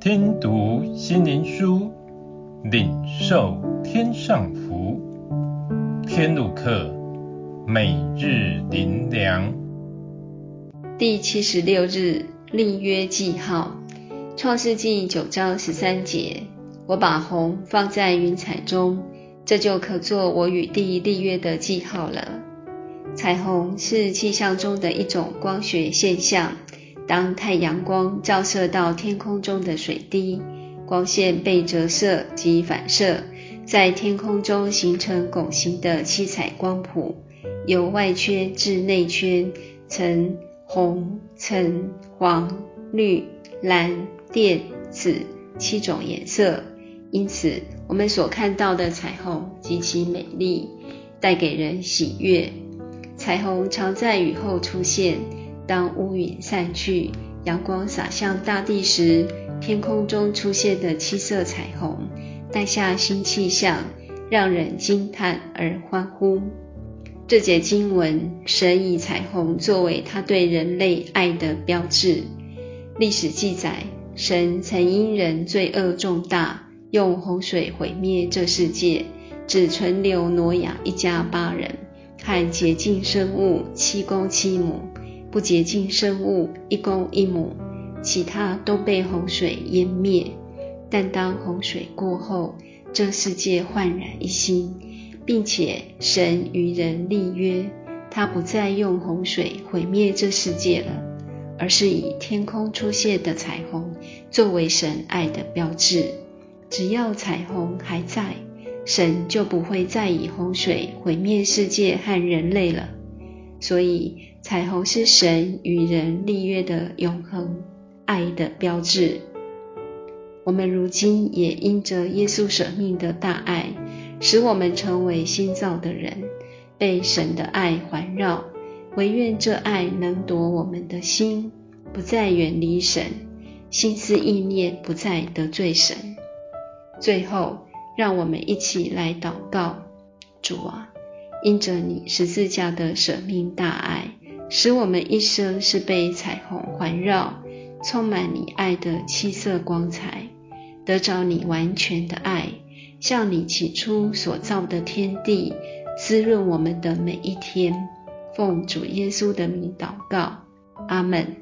聽讀心靈書，領受天上福。天路客每日靈糧。第七十六日立約記號，創世記九章十三節，我把虹放在雲彩中，這就可作我與地立約的記號了。彩虹是氣象中的一種光學現象。當太陽光照射到天空中的水滴，光線被折射及反射，在天空中形成拱形的七彩光譜，由外圈至內圈，呈紅、橙、黃、綠、藍、靛、紫七種顏色。因此，我們所看到的彩虹極其美麗，帶給人喜悅。彩虹常在雨後出現。當烏雲散去，陽光灑向大地時，天空中出現的七色彩虹，帶下新氣象，讓人驚嘆而歡呼。這節經文，神以彩虹作為他對人類愛的標誌。歷史記載，神曾因人罪惡重大，用洪水毀滅這世界，只存留挪亞一家八人，和潔淨生物七公七母。不潔淨生物一公一母，其他都被洪水淹滅。但當洪水過後，這世界煥然一新，並且神與人立約，他不再用洪水毀滅這世界了，而是以天空出現的彩虹作為神愛的標志幟。只要彩虹還在，神就不會再以洪水毀滅世界和人類了。所以，彩虹是神與人立約的永恆愛的標誌。我們如今也因着耶穌捨命的大愛，使我們成為新造的人，被神的愛環繞。惟願這愛能奪我們的心，不再遠離神，心思意念不再得罪神。最後，讓我們一起來禱告：主啊！因着你十字架的捨命大愛，使我們一生是被彩虹環繞，充滿你愛的七色光彩，得着你完全的愛，像你起初所造的天地，滋潤我們的每一天。奉主耶穌的名禱告，阿門。